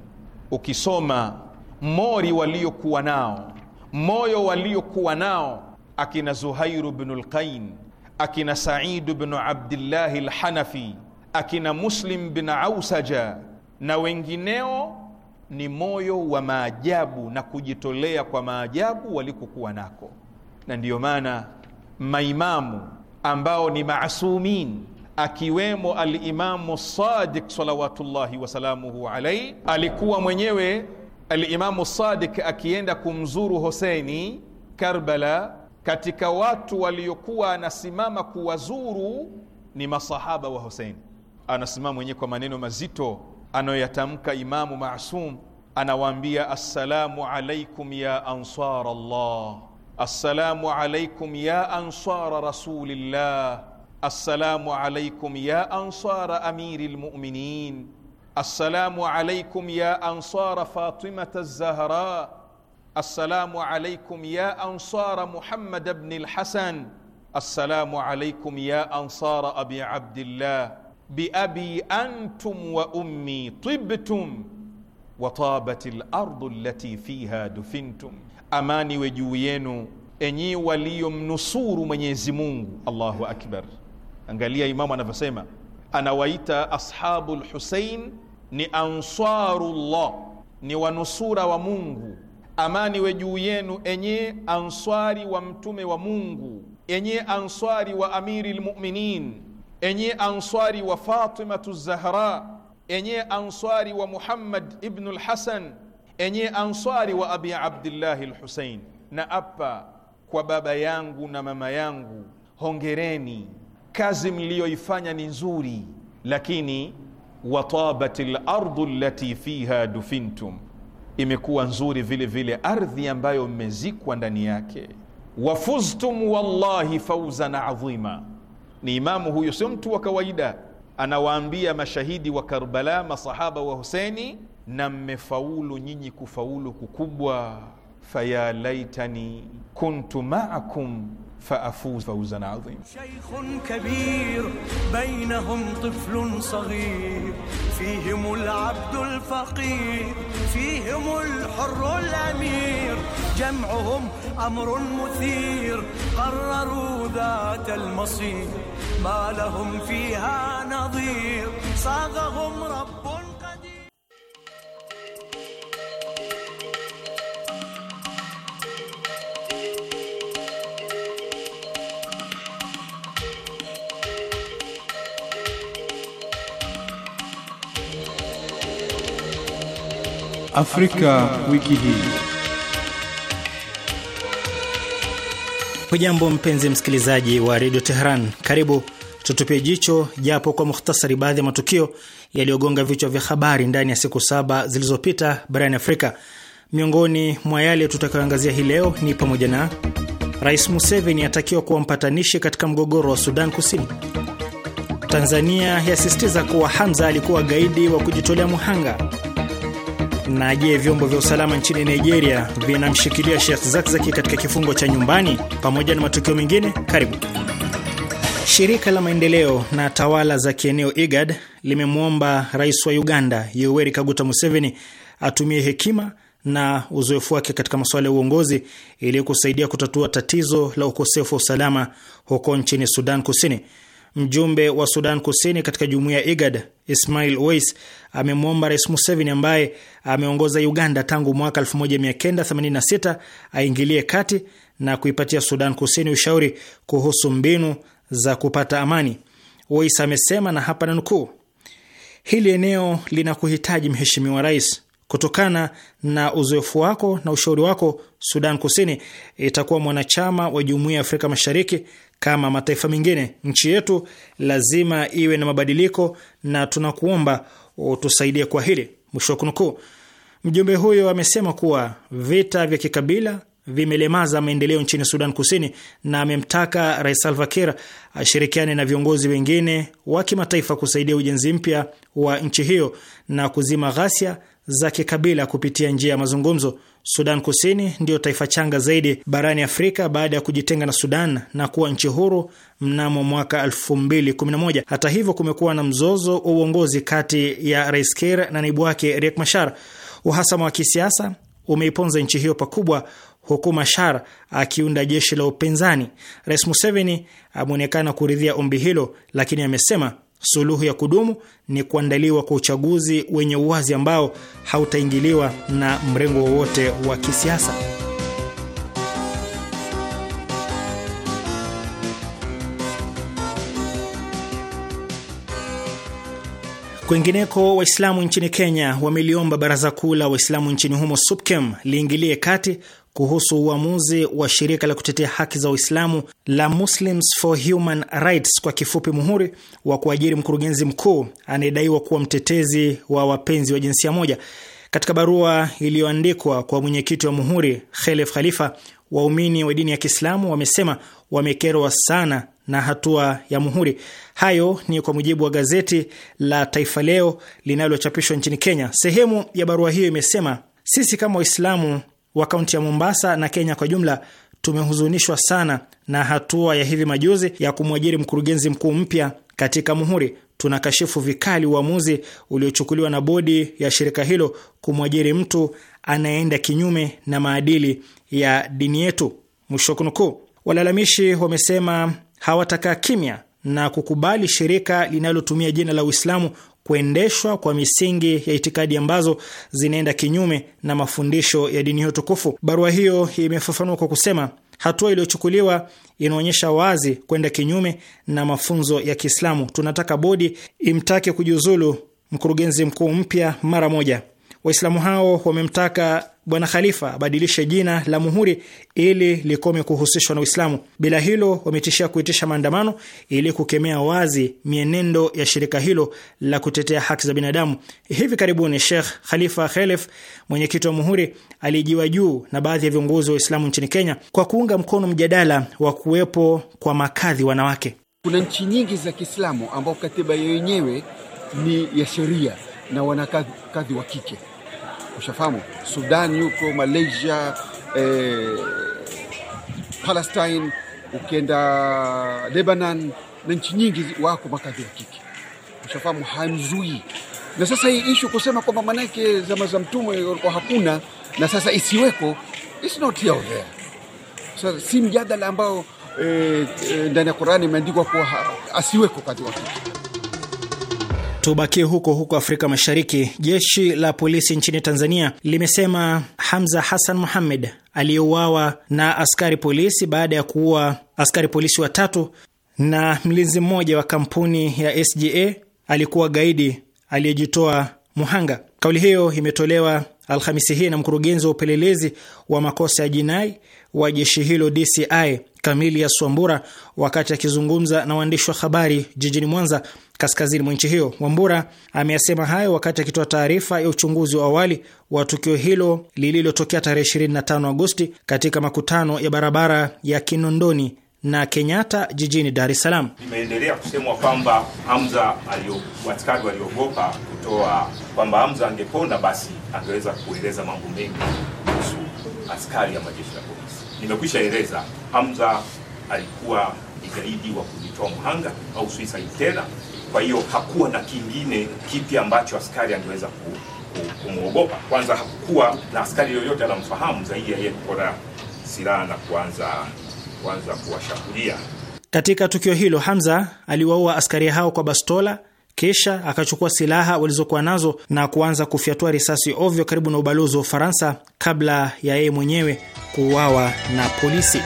Ukisoma mori waliokuwa nao, moyo waliokuwa nao akina Zuhairu bnu Lqain, akina Saidu bnu Abdillahi Lhanafi, akina Muslim bin Ausaja na wengineo, ni moyo wa maajabu na kujitolea kwa maajabu walikokuwa nako, na ndiyo maana maimamu ambao ni maasumin akiwemo alimamu Sadiq salawatullahi wasalamuhu alaihi. Alikuwa mwenyewe alimamu Sadiq akienda kumzuru Hoseini Karbala, katika watu waliokuwa anasimama kuwazuru ni masahaba wa Hoseini. Anasimama mwenyewe kwa maneno mazito anayoyatamka Imamu Masum, anawaambia assalamu alaikum ya ansar Allah, assalamu alaikum ya ansar rasulillah السلام عليكم يا انصار امير المؤمنين السلام عليكم يا انصار فاطمه الزهراء السلام عليكم يا انصار محمد بن الحسن السلام عليكم يا انصار ابي عبد الله بابي انتم وامي طبتم وطابت الارض التي فيها دفنتم اماني وجوينو وليم نصور من يزمون الله اكبر Angalia imamu anavyosema, anawaita ashabu lhusein ni ansarullah, ni wanusura wa Mungu. Amani we juu yenu, enye answari wa mtume wa Mungu, enye answari wa amiri lmuminin, enye answari wa Fatimatu Zahra, enye answari wa Muhammad ibnu lhasan, enye answari wa abi abdillahi lhusein. Na apa kwa baba yangu na mama yangu, hongereni kazi mliyoifanya ni nzuri, lakini watabat lardu lati fiha dufintum, imekuwa nzuri vile vile ardhi ambayo mmezikwa ndani yake. Wafuztum wallahi fauzan adhima. Ni imamu huyo, sio mtu wa kawaida, anawaambia mashahidi wa Karbala, masahaba wa Huseni, na mmefaulu nyinyi kufaulu kukubwa. Faya laitani kuntu maakum فأفوز فوزا عظيما شيخ كبير بينهم طفل صغير فيهم العبد الفقير فيهم الحر الأمير جمعهم أمر مثير قرروا ذات المصير ما لهم فيها نظير صاغهم رب Afrika wiki hii. Hujambo mpenzi msikilizaji wa redio Teheran, karibu tutupie jicho japo kwa muhtasari baadhi ya matukio yaliyogonga vichwa vya habari ndani ya siku saba zilizopita barani Afrika. Miongoni mwa yale tutakayoangazia hii leo ni pamoja na Rais Museveni atakiwa kuwa mpatanishi katika mgogoro wa Sudan Kusini, Tanzania yasisitiza kuwa Hamza alikuwa gaidi wa kujitolea muhanga na je, vyombo vya usalama nchini Nigeria vinamshikilia Sheikh Zakzaki katika kifungo cha nyumbani? Pamoja na matukio mengine, karibu. Shirika la maendeleo na tawala za kieneo IGAD limemwomba rais wa Uganda Yoweri Kaguta Museveni atumie hekima na uzoefu wake katika masuala ya uongozi ili kusaidia kutatua tatizo la ukosefu wa usalama huko nchini Sudan Kusini. Mjumbe wa Sudan Kusini katika jumuiya ya IGAD Ismail Weis amemwomba Rais Museveni ambaye ameongoza Uganda tangu mwaka 1986 aingilie kati na kuipatia Sudan Kusini ushauri kuhusu mbinu za kupata amani. Weis amesema, na hapa nanukuu, hili eneo linakuhitaji Mheshimiwa Rais. Kutokana na uzoefu wako na ushauri wako, Sudan Kusini itakuwa mwanachama wa Jumuiya ya Afrika Mashariki kama mataifa mengine. Nchi yetu lazima iwe na mabadiliko na tunakuomba utusaidie kwa hili, mwisho wa kunukuu. Mjumbe huyo amesema kuwa vita vya kikabila vimelemaza maendeleo nchini Sudan Kusini na amemtaka Rais Salva Kiir ashirikiane na viongozi wengine wa kimataifa kusaidia ujenzi mpya wa nchi hiyo na kuzima ghasia za kikabila kupitia njia ya mazungumzo. Sudan Kusini ndiyo taifa changa zaidi barani Afrika baada ya kujitenga na Sudan na kuwa nchi huru mnamo mwaka 2011. Hata hivyo, kumekuwa na mzozo wa uongozi kati ya Rais Kiir na naibu wake Riek Machar. Uhasama wa kisiasa umeiponza nchi hiyo pakubwa, huku Machar akiunda jeshi la upinzani. Rais Museveni ameonekana kuridhia ombi hilo, lakini amesema Suluhu ya kudumu ni kuandaliwa kwa uchaguzi wenye uwazi ambao hautaingiliwa na mrengo wowote wa kisiasa. Kwengineko, Waislamu nchini Kenya wameliomba Baraza Kuu la Waislamu nchini humo SUPKEM liingilie kati kuhusu uamuzi wa shirika la kutetea haki za Waislamu la Muslims for Human Rights kwa kifupi MUHURI wa kuajiri mkurugenzi mkuu anayedaiwa kuwa mtetezi wa wapenzi wa jinsia moja. Katika barua iliyoandikwa kwa mwenyekiti wa MUHURI Khelef Khalifa, waumini wa dini ya Kiislamu wamesema wamekerwa sana na hatua ya MUHURI. Hayo ni kwa mujibu wa gazeti la Taifa Leo linalochapishwa nchini Kenya. Sehemu ya barua hiyo imesema, sisi kama Waislamu wa kaunti ya Mombasa na Kenya kwa jumla tumehuzunishwa sana na hatua ya hivi majuzi ya kumwajiri mkurugenzi mkuu mpya katika Muhuri. Tunakashifu vikali uamuzi uliochukuliwa na bodi ya shirika hilo kumwajiri mtu anayeenda kinyume na maadili ya dini yetu, mwisho kunukuu. Walalamishi wamesema hawatakaa kimya na kukubali shirika linalotumia jina la Uislamu kuendeshwa kwa misingi ya itikadi ambazo zinaenda kinyume na mafundisho ya dini hiyo tukufu. Barua hiyo imefafanua kwa kusema, hatua iliyochukuliwa inaonyesha wazi kwenda kinyume na mafunzo ya Kiislamu. Tunataka bodi imtake kujiuzulu mkurugenzi mkuu mpya mara moja. Waislamu hao wamemtaka Bwana Khalifa abadilishe jina la Muhuri ili likome kuhusishwa na Uislamu. Bila hilo, wametishia kuitisha maandamano ili kukemea wazi mienendo ya shirika hilo la kutetea haki za binadamu. Hivi karibuni, Sheikh Khalifa Khelef, mwenyekiti wa Muhuri, alijiwa juu na baadhi ya viongozi wa Uislamu nchini Kenya kwa kuunga mkono mjadala wa kuwepo kwa makadhi wanawake. Kuna nchi nyingi za Kiislamu ambao katiba yenyewe ni ya sheria na wanakadhi wa kike ushafahamu, Sudani huko Malaysia, eh, Palestine, ukienda Lebanon na nchi nyingi wako makadhi ya kike, ushafahamu, hamzui. Na sasa hii ishu kusema kwamba manake zama za mtume ilikuwa hakuna na sasa isiweko, it's not here or there. Sasa si mjadala ambao ndani eh, eh, ya Qur'ani imeandikwa kuwa asiweko kati wa kike. Tubakie huko huko Afrika Mashariki. Jeshi la polisi nchini Tanzania limesema Hamza Hassan muhammed aliyeuawa na askari polisi baada ya kuua askari polisi watatu na mlinzi mmoja wa kampuni ya SGA alikuwa gaidi aliyejitoa muhanga. Kauli hiyo imetolewa Alhamisi hii na mkurugenzi wa upelelezi wa makosa ya jinai wa jeshi hilo DCI ya Swambura wakati akizungumza na waandishi wa habari jijini Mwanza, kaskazini mwa nchi hiyo. Wambura ameyasema hayo wakati akitoa taarifa ya uchunguzi wa awali wa tukio hilo lililotokea tarehe 25 Agosti katika makutano ya barabara ya Kinondoni na Kenyatta jijini Dar es Salaam. Imeendelea kusemwa kwamba Hamza watikaji waliogopa kutoa kwamba Hamza angepona basi angeweza kueleza mambo mengi kuhusu askari ya majeshi ya Nimekwisha eleza Hamza alikuwa ni gaidi wa kujitoa mhanga au suicide tena. Kwa hiyo hakuwa na kingine kipi ambacho askari angeweza kumwogopa. Kwanza hakukuwa na askari yoyote anamfahamu zaidi ya yeye kupora silaha na kuanza kuanza kuwashambulia. Katika tukio hilo, Hamza aliwaua askari hao kwa bastola kisha akachukua silaha walizokuwa nazo na kuanza kufyatua risasi ovyo karibu na ubalozi wa Ufaransa kabla ya yeye mwenyewe kuuawa na polisi.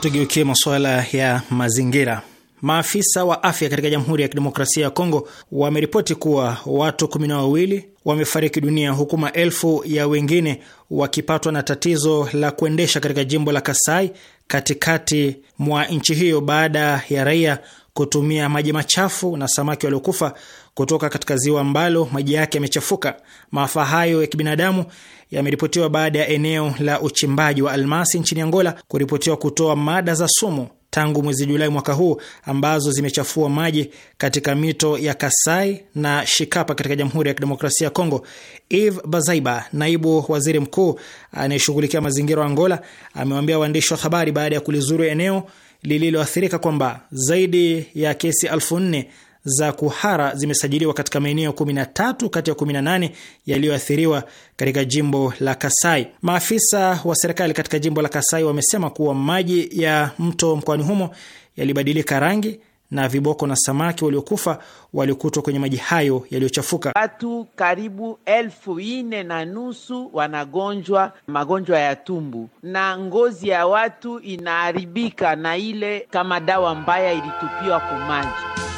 Tugeukie masuala ya mazingira. Maafisa wa afya katika Jamhuri ya Kidemokrasia ya Kongo wameripoti kuwa watu kumi na wawili wamefariki dunia huku maelfu ya wengine wakipatwa na tatizo la kuendesha katika jimbo la Kasai katikati mwa nchi hiyo baada ya raia kutumia maji machafu na samaki waliokufa kutoka katika ziwa ambalo maji yake yamechafuka. Maafa hayo ya kibinadamu yameripotiwa baada ya eneo la uchimbaji wa almasi nchini Angola kuripotiwa kutoa mada za sumu tangu mwezi Julai mwaka huu ambazo zimechafua maji katika mito ya Kasai na Shikapa katika Jamhuri ya Kidemokrasia ya Kongo. Eve Bazaiba, naibu waziri mkuu anayeshughulikia mazingira wa Angola, amewaambia waandishi wa habari baada ya kulizuru eneo lililoathirika kwamba zaidi ya kesi elfu nne za kuhara zimesajiliwa katika maeneo 13 kati ya 18 yaliyoathiriwa katika jimbo la Kasai. Maafisa wa serikali katika jimbo la Kasai wamesema kuwa maji ya mto mkoani humo yalibadilika rangi na viboko na samaki waliokufa walikutwa kwenye maji hayo yaliyochafuka. Watu karibu elfu ine na nusu wanagonjwa magonjwa ya tumbu na ngozi ya watu inaharibika, na ile kama dawa mbaya ilitupiwa kumaji.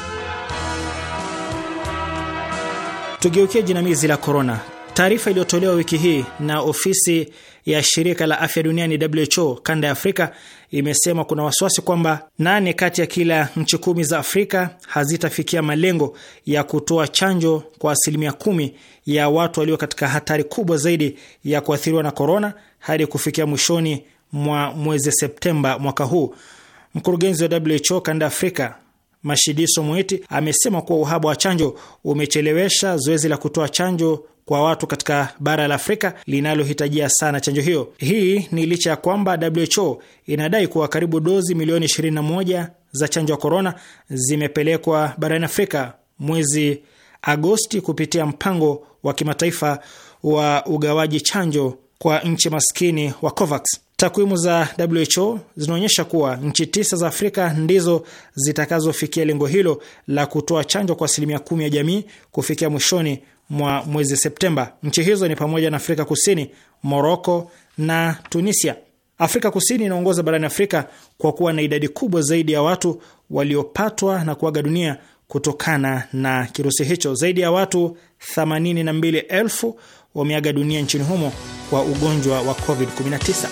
Tugeukie jinamizi la korona. Taarifa iliyotolewa wiki hii na ofisi ya shirika la afya duniani WHO kanda ya Afrika imesema kuna wasiwasi kwamba nane kati ya kila nchi kumi za Afrika hazitafikia malengo ya kutoa chanjo kwa asilimia kumi ya watu walio katika hatari kubwa zaidi ya kuathiriwa na korona hadi kufikia mwishoni mwa mwezi Septemba mwaka huu. Mkurugenzi wa WHO kanda Afrika Mashidiso Mwiti amesema kuwa uhaba wa chanjo umechelewesha zoezi la kutoa chanjo kwa watu katika bara la Afrika linalohitajia sana chanjo hiyo. Hii ni licha ya kwamba WHO inadai kuwa karibu dozi milioni 21 za chanjo ya korona zimepelekwa barani Afrika mwezi Agosti kupitia mpango wa kimataifa wa ugawaji chanjo kwa nchi maskini wa COVAX. Takwimu za WHO zinaonyesha kuwa nchi tisa za Afrika ndizo zitakazofikia lengo hilo la kutoa chanjo kwa asilimia kumi ya jamii kufikia mwishoni mwa mwezi Septemba. Nchi hizo ni pamoja na Afrika Kusini, Moroko na Tunisia. Afrika Kusini inaongoza barani Afrika kwa kuwa na idadi kubwa zaidi ya watu waliopatwa na kuaga dunia kutokana na kirusi hicho. Zaidi ya watu 82,000 wameaga dunia nchini humo kwa ugonjwa wa COVID-19.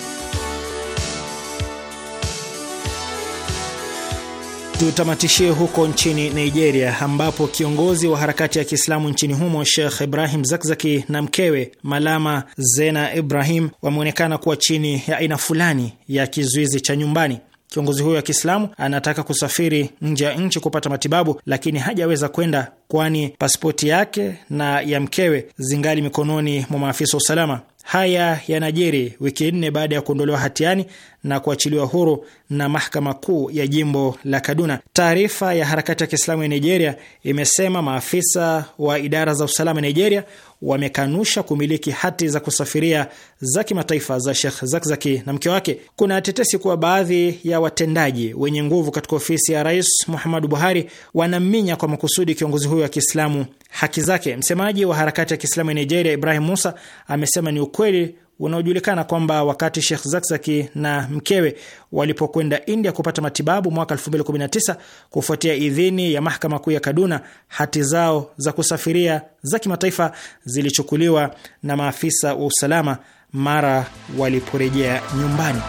Tutamatishie huko nchini Nigeria ambapo kiongozi wa harakati ya Kiislamu nchini humo Sheikh Ibrahim Zakzaki na mkewe Malama Zena Ibrahim wameonekana kuwa chini ya aina fulani ya kizuizi cha nyumbani. Kiongozi huyo wa Kiislamu anataka kusafiri nje ya nchi kupata matibabu, lakini hajaweza kwenda kwani pasipoti yake na ya mkewe zingali mikononi mwa maafisa wa usalama. Haya yanajiri wiki nne baada ya kuondolewa hatiani na kuachiliwa huru na mahakama kuu ya jimbo la Kaduna. Taarifa ya harakati ya Kiislamu ya Nigeria imesema maafisa wa idara za usalama Nigeria wamekanusha kumiliki hati za kusafiria za kimataifa za Sheikh Zakzaki na mke wake. Kuna tetesi kuwa baadhi ya watendaji wenye nguvu katika ofisi ya Rais Muhammadu Buhari wanaminya kwa makusudi kiongozi huyo wa Kiislamu haki zake. Msemaji wa harakati ya Kiislamu ya Nigeria Ibrahim Musa amesema ni ukweli unaojulikana kwamba wakati Sheikh Zakzaki na mkewe walipokwenda India kupata matibabu mwaka 2019 kufuatia idhini ya mahakama kuu ya Kaduna, hati zao za kusafiria za kimataifa zilichukuliwa na maafisa wa usalama mara waliporejea nyumbani.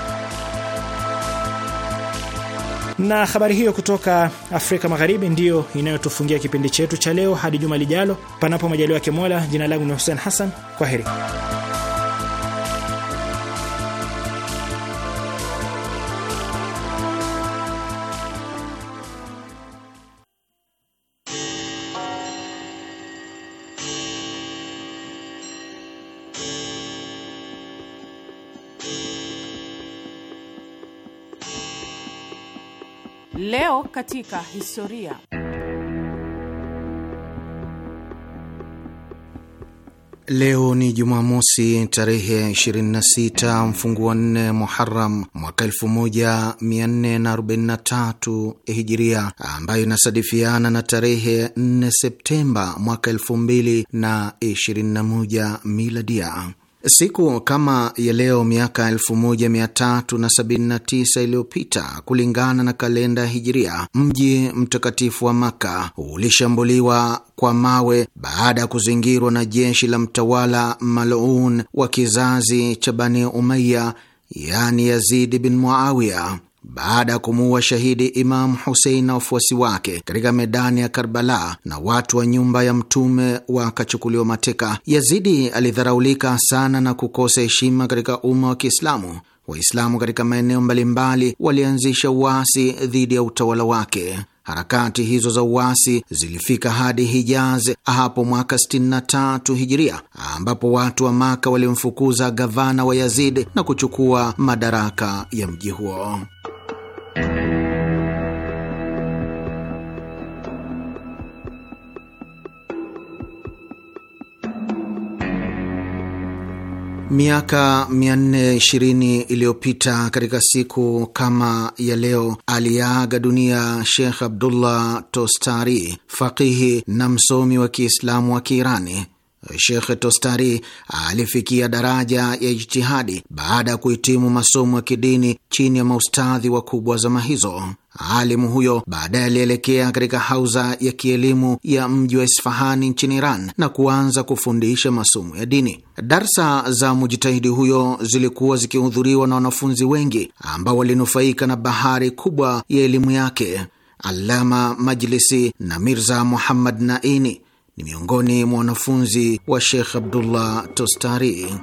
Na habari hiyo kutoka Afrika Magharibi ndiyo inayotufungia kipindi chetu cha leo. Hadi juma lijalo, panapo majaliwa yake Mola. Jina langu ni Hussein Hassan, kwa heri. Leo katika historia. Leo ni Jumamosi, tarehe 26 mfungu wa nne Muharam mwaka 1443 Hijiria, ambayo inasadifiana na tarehe 4 Septemba mwaka 2021 Miladia. Siku kama ya leo miaka 1379 iliyopita kulingana na kalenda Hijiria, mji mtakatifu wa Maka ulishambuliwa kwa mawe baada ya kuzingirwa na jeshi la mtawala malun wa kizazi cha Bani Umaya, yani Yazidi bin Muawiya baada ya kumuua shahidi Imamu Husein na wafuasi wake katika medani ya Karbala na watu wa nyumba ya Mtume wakachukuliwa mateka, Yazidi alidharaulika sana na kukosa heshima katika umma wa Kiislamu. Waislamu katika maeneo mbalimbali walianzisha uasi dhidi ya utawala wake. Harakati hizo za uasi zilifika hadi Hijaz hapo mwaka 63 Hijiria, ambapo watu wa Maka walimfukuza gavana wa Yazid na kuchukua madaraka ya mji huo. Miaka 420 iliyopita katika siku kama ya leo aliaga dunia Sheikh Abdullah Tostari, fakihi na msomi wa Kiislamu wa Kiirani. Shekh Tostari alifikia daraja ya ijtihadi baada ya kuhitimu masomo ya kidini chini ya maustadhi wakubwa zama hizo. Alimu huyo baadaye alielekea katika hauza ya kielimu ya mji wa Isfahani nchini Iran na kuanza kufundisha masomo ya dini. Darsa za mujitahidi huyo zilikuwa zikihudhuriwa na wanafunzi wengi ambao walinufaika na bahari kubwa ya elimu yake. Alama Majlisi na Mirza Muhammad Naini ni miongoni mwa wanafunzi wa Sheikh Abdullah Tostari.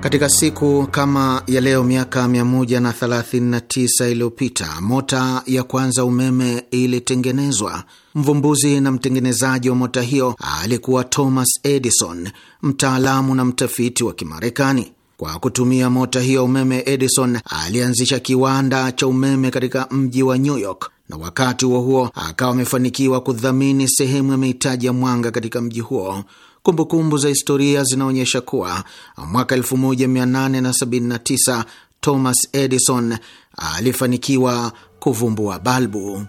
Katika siku kama ya leo miaka 139 iliyopita mota ya kwanza umeme ilitengenezwa. Mvumbuzi na mtengenezaji wa mota hiyo alikuwa Thomas Edison, mtaalamu na mtafiti wa Kimarekani. Kwa kutumia mota hiyo umeme, Edison alianzisha kiwanda cha umeme katika mji wa New York, na wakati huo huo akawa amefanikiwa kudhamini sehemu ya mahitaji ya mwanga katika mji huo. Kumbukumbu kumbu za historia zinaonyesha kuwa mwaka 1879 Thomas Edison alifanikiwa kuvumbua balbu.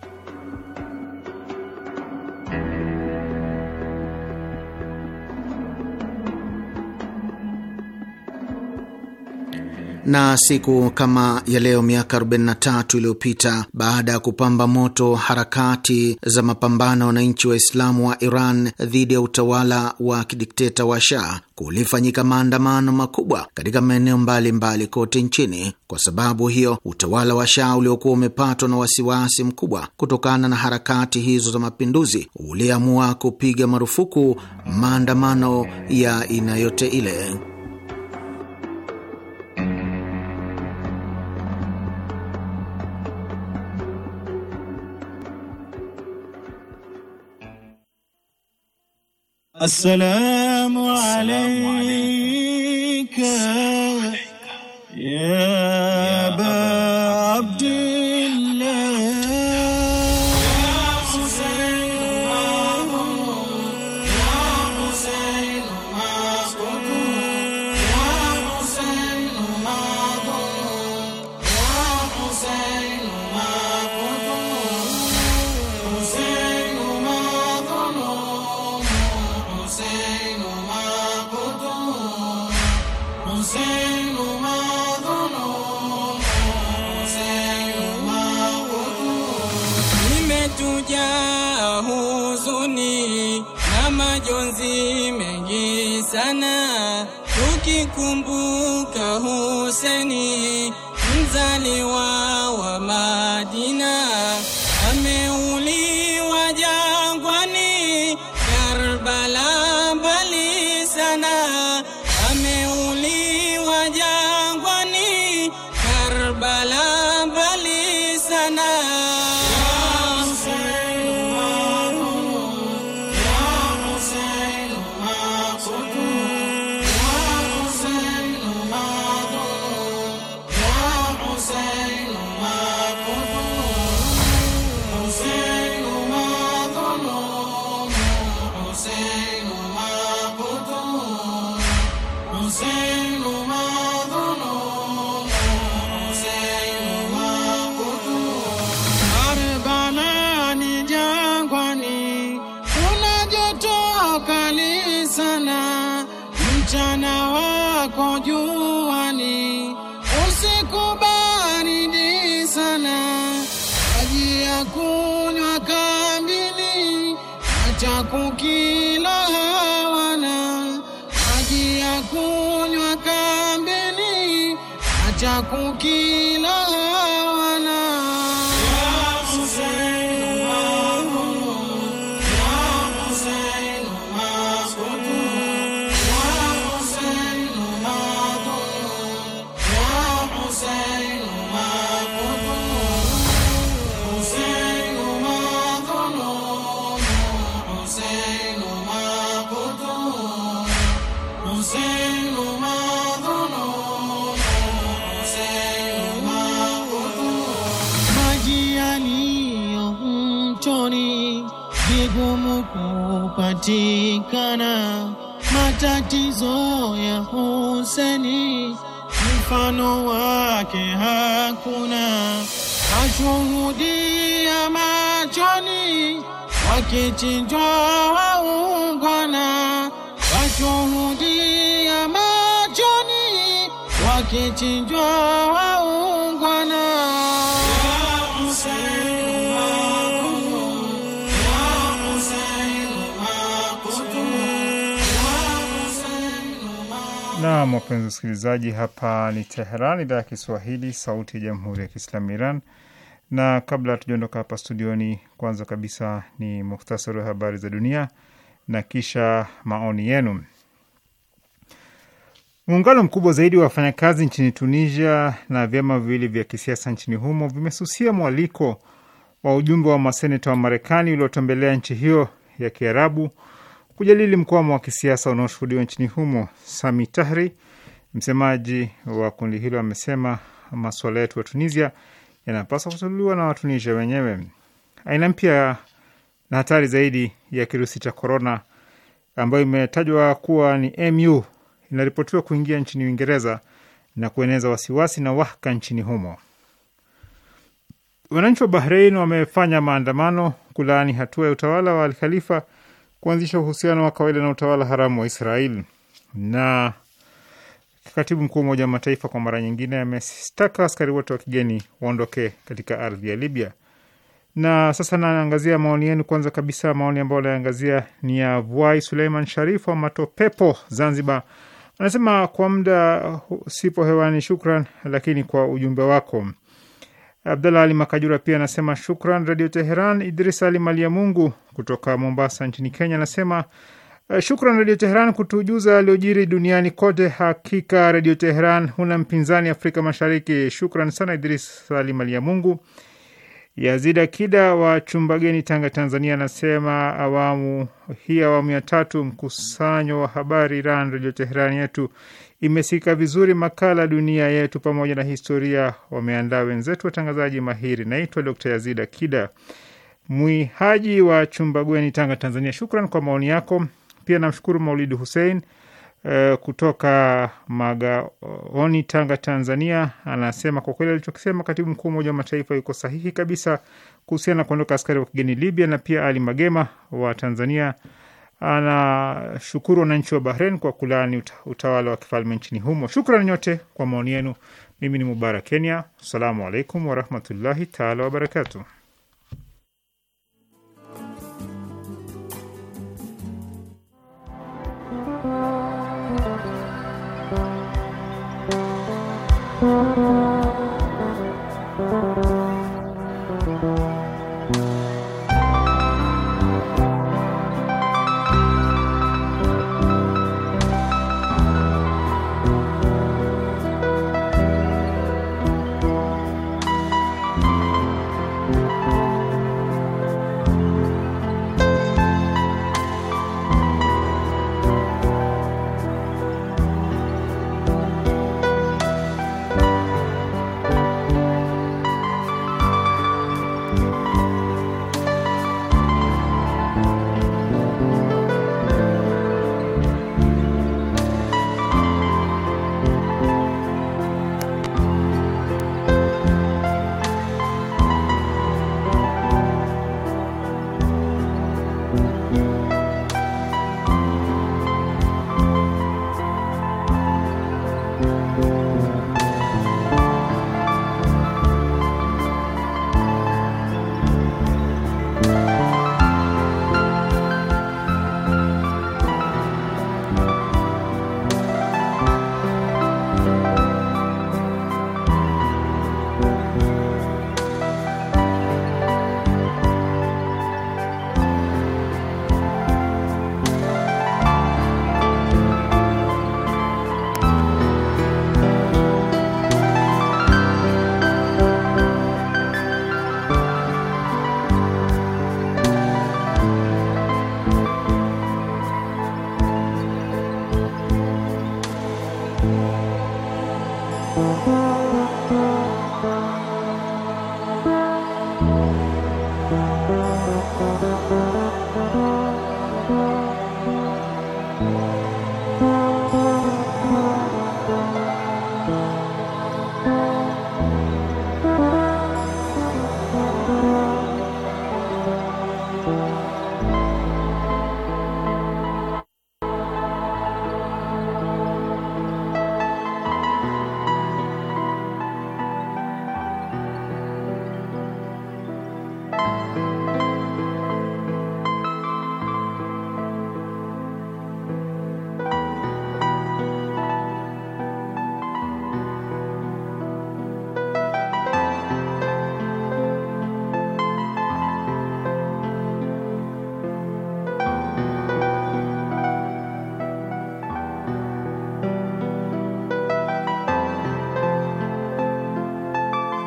na siku kama ya leo miaka 43 iliyopita, baada ya kupamba moto harakati za mapambano ya wananchi Waislamu wa Iran dhidi ya utawala wa kidikteta wa Shah, kulifanyika maandamano makubwa katika maeneo mbalimbali kote nchini. Kwa sababu hiyo, utawala wa Shah uliokuwa umepatwa na wasiwasi mkubwa kutokana na harakati hizo za mapinduzi uliamua kupiga marufuku maandamano ya aina yote ile. السلام عليك يا la com o que matatizo ya Huseni mfano wake hakuna, ashuhudia machoni wakichinjwa waungwana, washuhudia machoni wakichinjwa Nam, wapenzi wasikilizaji, hapa ni Teheran, idhaa ya Kiswahili, sauti ya jamhuri ya kiislamu Iran. Na kabla hatujaondoka hapa studioni, kwanza kabisa ni muhtasari wa habari za dunia na kisha maoni yenu. Muungano mkubwa zaidi wa wafanyakazi nchini Tunisia na vyama viwili vya kisiasa nchini humo vimesusia mwaliko wa ujumbe wa maseneta wa Marekani uliotembelea nchi hiyo ya Kiarabu kujadili mkwamo wa kisiasa unaoshuhudiwa nchini humo. Sami Tahri, msemaji wa kundi hilo, amesema masuala yetu ya Tunisia yanapaswa kusululiwa na Watunisia wenyewe. Aina mpya na hatari zaidi ya kirusi cha korona ambayo imetajwa kuwa ni mu inaripotiwa kuingia nchini Uingereza na kueneza wasiwasi na wahka nchini humo. Wananchi wa Bahrein wamefanya maandamano kulaani hatua ya utawala wa Alkhalifa kuanzisha uhusiano wa kawaida na utawala haramu wa Israel. Na katibu mkuu wa Umoja wa Mataifa kwa mara nyingine amestaka askari wote wa kigeni waondoke katika ardhi ya Libya. Na sasa naangazia maoni yenu. Kwanza kabisa maoni ambayo anaangazia ni ya Vuai Suleiman Sharif wa Matopepo, Zanzibar. Anasema kwa muda sipo hewani, shukran lakini kwa ujumbe wako Abdallah Ali Makajura pia anasema shukran Radio Teheran. Idris Ali Malia Mungu kutoka Mombasa nchini Kenya anasema eh, shukran Radio Teheran kutujuza aliojiri duniani kote. Hakika Radio Teheran huna mpinzani Afrika Mashariki. Shukran sana Idris Ali Malia Mungu. Yazid Akida wa Chumbageni, Tanga, Tanzania anasema awamu hii, awamu ya tatu, mkusanyo wa habari Iran, Radio Teheran yetu imesika vizuri makala dunia yetu pamoja na historia, wameandaa wenzetu watangazaji mahiri. Naitwa Dr Yazid Akida Mwihaji wa Chumbagweni, Tanga, Tanzania. Shukran kwa maoni yako. Pia namshukuru Maulid Hussein uh, kutoka Magaoni, Tanga, Tanzania. Anasema kwa kweli alichokisema katibu mkuu Umoja wa Mataifa yuko sahihi kabisa kuhusiana na kuondoka askari wa kigeni Libya, na pia Ali Magema wa Tanzania anashukuru wananchi wa Bahrain kwa kulani utawala wa kifalme nchini humo. Shukran nyote kwa maoni yenu. Mimi ni Mubarak Kenya, assalamu alaikum warahmatullahi taala you.